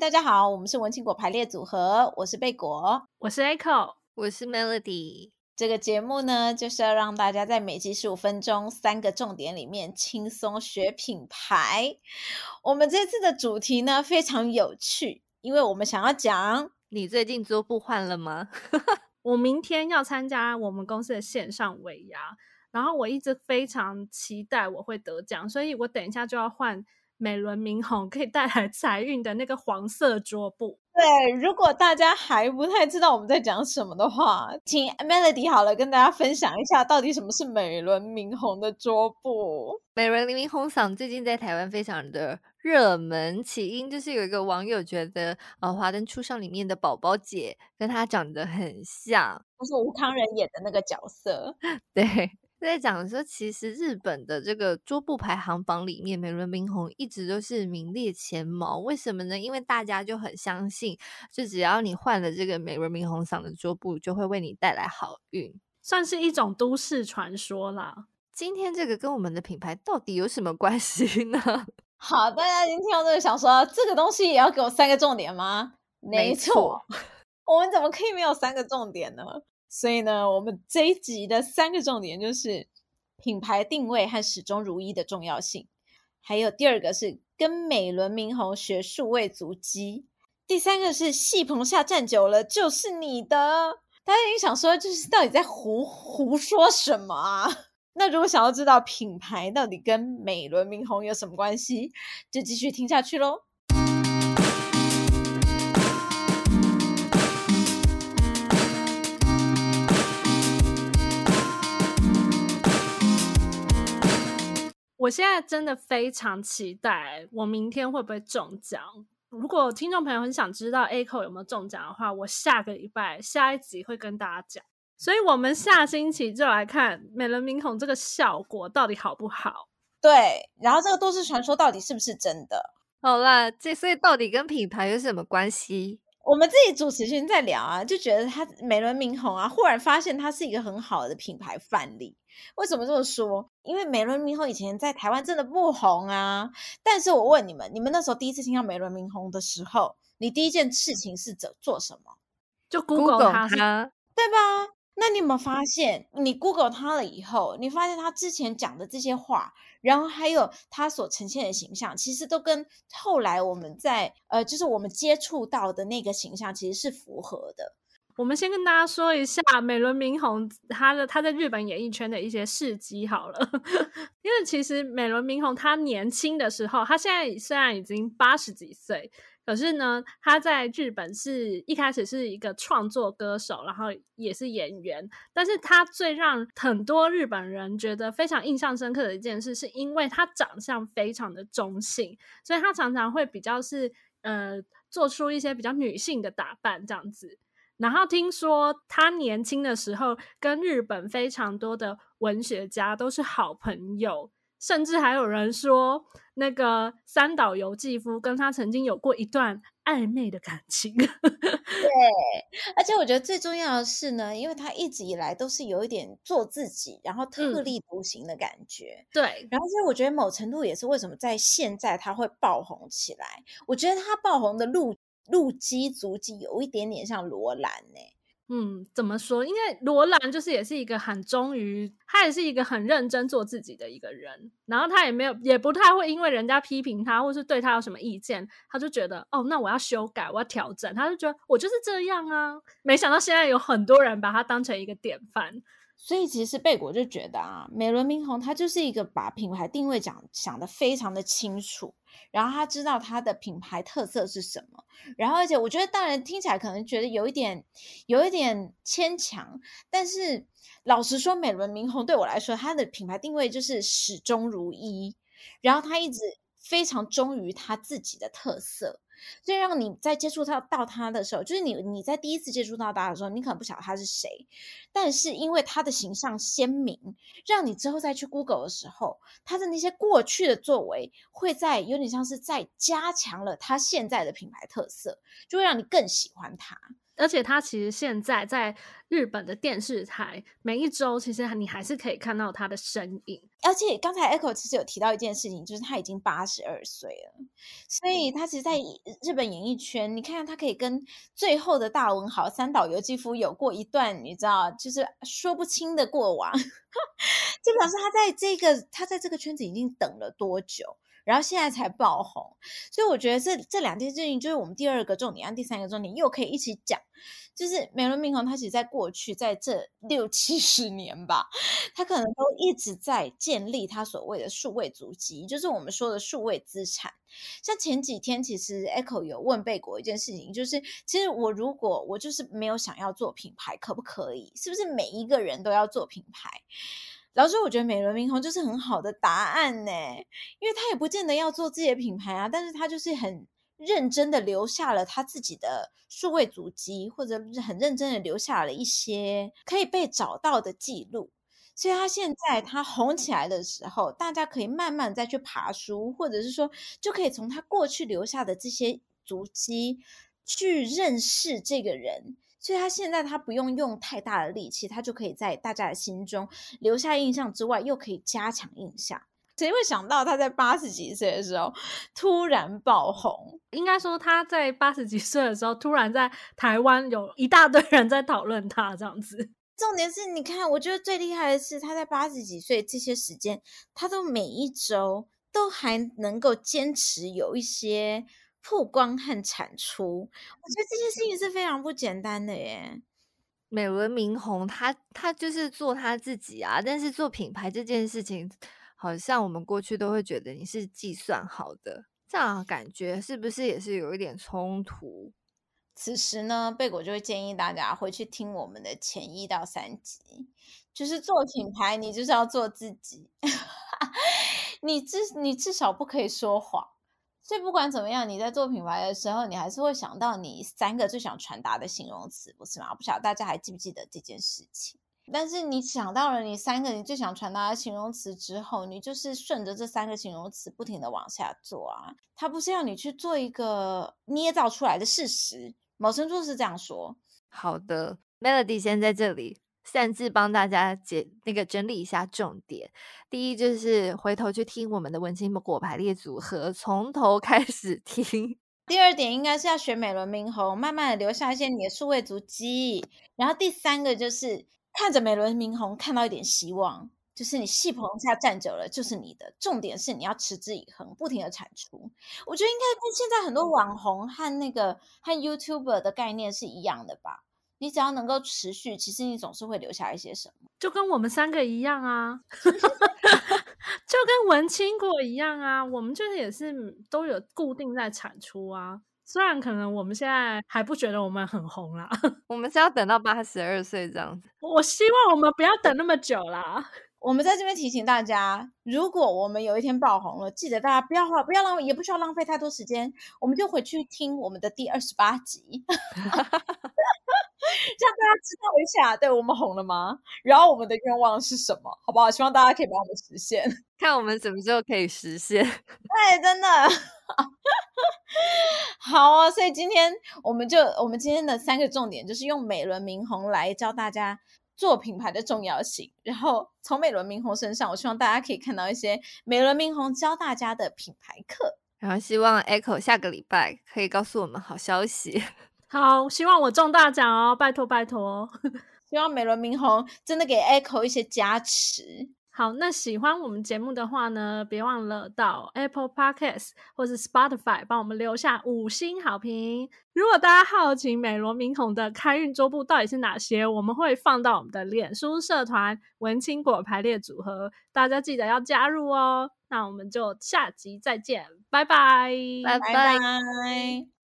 大家好，我們是文青果排列組合，我是貝果，我是 Echo，我是 Melody。這個節目呢，就是要讓大家在每集十五分鐘三個重點裡面輕鬆學品牌。我們這次的主題呢，非常有趣，因為我們想要講你最近桌布換了嗎？ 我明天要參加我們公司的線上尾牙，然後我一直非常期待我會得獎，所以我等一下就要換。美輪明宏可以帶來財運的那個黃色桌布。對，如果大家還不太知道我們在講什麼的話，請 Melody 好了，跟大家分享一下到底什麼是美輪明宏的桌布。美輪明宏上最近在台灣非常的熱門，起因就是有一個網友覺得，呃、啊，《華燈初上》裡面的寶寶姐跟她長得很像，就是吳慷仁演的那個角色。 對。在講說，其實日本的這個桌布排行榜裡面，美輪明宏一直都是名列前茅。為什麼呢？因為大家就很相信，就只要你換了這個美輪明宏桑的桌布，就會為你帶來好運，算是一種都市傳說啦。今天這個跟我們的品牌到底有什麼關係呢？好，大家聽到這個想說，這個東西也要給我三個重點嗎？沒錯，沒錯 我們怎麼可以沒有三個重點呢？所以呢，我們這一集的三個重點就是品牌定位和始終如一的重要性，還有第二個是跟美輪明宏學數位足跡，第三個是戲棚下站久了就是你的。大家也想說，就是到底在胡胡說什麼啊？那如果想要知道品牌到底跟美輪明宏有什麼關係，就繼續聽下去嘍。我現在真的非常期待，我明天會不會中獎？如果聽眾朋友很想知道 Echo 有沒有中獎的話，我下個禮拜下一集會跟大家講。所以，我們下星期就來看美輪明宏這個效果到底好不好？對，然後這個都市傳說到底是不是真的？好啦，這所以到底跟品牌有什麼關係？我們自己主持群在聊啊，就覺得他美輪明宏啊，忽然發現他是一個很好的品牌範例。為什麼這麼說？因為美輪明宏以前在台灣真的不紅啊。但是我問你們，你們那時候第一次聽到美輪明宏的時候，你第一件事情是做什麼？就 Google 它，對吧？那你有沒有發現，你 Google 他了以後，你發現他之前講的這些話，然後還有他所呈現的形象，其實都跟後來我們在呃，就是我們接觸到的那個形象其實是符合的。我們先跟大家說一下美輪明宏他的他在日本演藝圈的一些事跡好了， 因為其實美輪明宏他年輕的時候，他現在雖然已經八十幾歲。可是呢，他在日本是一開始是一個創作歌手，然後也是演員。但是他最讓很多日本人覺得非常印象深刻的一件事，是因為他長相非常的中性，所以他常常會比較是呃做出一些比較女性的打扮這樣子。然後聽說他年輕的時候跟日本非常多的文學家都是好朋友。甚至還有人說，那個三島由紀夫跟他曾經有過一段曖昧的感情。 對，而且我覺得最重要的是呢，因為他一直以來都是有一點做自己，然後特立獨行的感覺。嗯、對，然後其實我覺得某程度也是為什麼在現在他會爆紅起來。我覺得他爆紅的路路基足跡有一點點像羅蘭呢、欸。嗯，怎麼說？因為羅蘭就是也是一個很忠於，他也是一個很認真做自己的一個人。然後他也沒有，也不太會因為人家批評他，或是對他有什麼意見，他就覺得哦，那我要修改，我要調整。他就覺得我就是這樣啊。沒想到現在有很多人把他當成一個典範。所以其實貝果就覺得啊，美輪明宏它，就是一個把品牌定位講想得非常的清楚，然後他知道他的品牌特色是什麼，然後而且我覺得當然聽起來可能覺得有一點有一點牽強，但是老實說，美輪明宏對我來說，它的品牌定位就是始終如一，然後它一直。非常忠於他自己的特色，所以讓你在接觸到到他的時候，就是你你在第一次接觸到他的時候，你可能不曉得他是誰，但是因為他的形象鮮明，讓你之後再去 Google 的時候，他的那些過去的作為，會在有點像是在加強了他現在的品牌特色，就會讓你更喜歡他。而且他其實現在在日本的電視台，每一周其實你還是可以看到他的身影。而且剛才 Echo 其實有提到一件事情，就是他已經八十二歲了，所以他其實，在日本演藝圈、嗯，你看他可以跟最後的大文豪三島由紀夫有過一段，你知道，就是說不清的過往，基本 上是他在這個他在這個圈子已經等了多久。然後現在才爆紅，所以我覺得這這兩件事情就是我們第二個重點，第三個重點又可以一起講。就是美輪明宏，他其實在過去在這六七十年吧，他可能都一直在建立他所謂的數位足跡，就是我們說的數位資產。像前幾天其實 Echo 有問貝果一件事情，就是其實我如果我就是沒有想要做品牌，可不可以？是不是每一個人都要做品牌？老師我覺得美輪明宏就是很好的答案呢，因為他也不見得要做自己的品牌啊，但是他就是很認真的留下了他自己的數位足跡，或者是很認真的留下了一些可以被找到的記錄，所以他現在他紅起來的時候，大家可以慢慢再去爬梳，或者是說就可以從他過去留下的這些足跡去認識這個人。所以，他現在他不用用太大的力氣，他就可以在大家的心中留下印象之外，又可以加強印象。誰會想到他在八十幾歲的時候突然爆紅？應該說他在八十幾歲的時候突然在台灣有一大堆人在討論他這樣子。重點是，你看，我覺得最厲害的是他在八十幾歲這些時間，他都每一周都還能夠堅持有一些。曝光和產出，我覺得這件事情是非常不簡單的耶。美輪明宏他、他他就是做他自己啊，但是做品牌這件事情，好像我們過去都會覺得你是計算好的，這樣感覺是不是也是有一點衝突？此時呢，貝果就會建議大家回去聽我們的前一到三集，就是做品牌，你就是要做自己， 你至你至少不可以說謊。所以不管怎麼樣，你在做品牌的時候，你還是會想到你三個最想傳達的形容詞，不是嗎？不曉得大家還記不記得這件事情。但是你想到了你三個你最想傳達的形容詞之後，你就是順着這三個形容詞不停的往下做啊。它不是要你去做一個捏造出來的事實，某程度是這樣說。好的，Melody 先在這裡。擅自幫大家解那個整理一下重點。第一就是回頭去聽我們的文青果排列組合，從頭開始聽。第二點應該是要學美輪明宏，慢慢的留下一些你的數位足跡。然後第三個就是看着美輪明宏看到一點希望，就是你戲棚下站久了就是你的。重點是你要持之以恆，不停的產出。我覺得應該跟現在很多網紅和那個和 YouTuber 的概念是一樣的吧。你只要能夠持續，其實你總是會留下一些什麼，就跟我們三個一樣啊， 就跟文青果一樣啊，我們就是也是都有固定在產出啊，雖然可能我們現在還不覺得我們很紅啦， 我們是要等到八十二歲這樣子。我希望我們不要等那麼久啦。我們在這邊提醒大家，如果我們有一天爆紅了，記得大家不要花，不要浪，也不需要浪費太多時間，我們就回去聽我們的第二十八集。讓大家知道一下，對我們紅了嗎？然後我們的願望是什麼？好不好？希望大家可以幫我們實現，看我們什麼時候可以實現。 對，真的， 好啊、哦。所以今天我們就我們今天的三個重點，就是用美輪明宏來教大家做品牌的重要性。然後從美輪明宏身上，我希望大家可以看到一些美輪明宏教大家的品牌課。然後希望 Echo 下個禮拜可以告訴我們好消息。好，希望我中大獎哦！拜托拜托！ 希望美輪明宏真的給 Echo 一些加持。好，那喜歡我們節目的話呢，別忘了到 Apple Podcast 或是 Spotify 幫我們留下五星好評。如果大家好奇美輪明宏的開運桌布到底是哪些，我們會放到我們的臉書社團“文青果排列組合”，大家記得要加入哦。那我們就下集再見，拜拜，拜拜。Bye bye